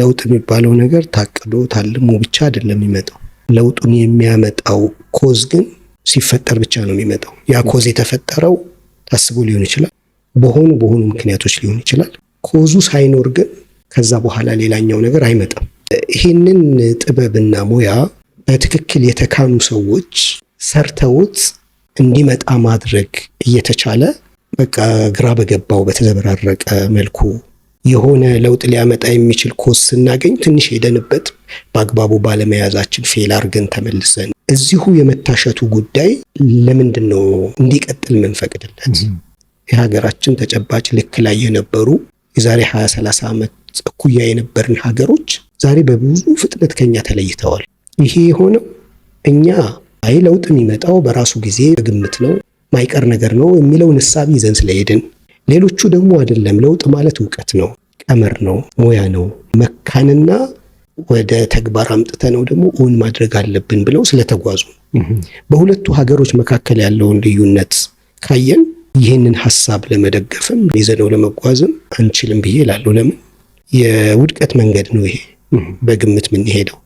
ለውጥ የሚባለው ነገር ታቅዶ ታልሞ ብቻ አይደለም የሚመጣው። ለውጡን የሚያመጣው ኮዝ ግን ሲፈጠር ብቻ ነው የሚመጣው። ያ ኮዝ የተፈጠረው ታስቦ ሊሆን ይችላል፣ በሆኑ በሆኑ ምክንያቶች ሊሆን ይችላል። ኮዙ ሳይኖር ግን ከዛ በኋላ ሌላኛው ነገር አይመጣም። ይህንን ጥበብና ሙያ በትክክል የተካኑ ሰዎች ሰርተውት እንዲመጣ ማድረግ እየተቻለ በቃ ግራ በገባው በተዘበራረቀ መልኩ የሆነ ለውጥ ሊያመጣ የሚችል ኮስ ስናገኝ ትንሽ ሄደንበት በአግባቡ ባለመያዛችን ፌል አርገን ተመልሰን እዚሁ የመታሸቱ ጉዳይ ለምንድን ነው እንዲቀጥል ምንፈቅድለት? የሀገራችን ተጨባጭ ልክ ላይ የነበሩ የዛሬ 20 30 ዓመት እኩያ የነበርን ሀገሮች ዛሬ በብዙ ፍጥነት ከኛ ተለይተዋል። ይሄ የሆነው እኛ አይ ለውጥ የሚመጣው በራሱ ጊዜ በግምት ነው ማይቀር ነገር ነው የሚለውን እሳቤ ይዘን ስለሄድን ሌሎቹ ደግሞ አይደለም። ለውጥ ማለት እውቀት ነው፣ ቀመር ነው፣ ሙያ ነው። መካንና ወደ ተግባር አምጥተ ነው ደግሞ እውን ማድረግ አለብን ብለው ስለተጓዙ በሁለቱ ሀገሮች መካከል ያለውን ልዩነት ካየን ይህንን ሀሳብ ለመደገፍም ይዘነው ለመጓዝም አንችልም ብዬ እላለሁ። ለምን የውድቀት መንገድ ነው ይሄ በግምት የምንሄደው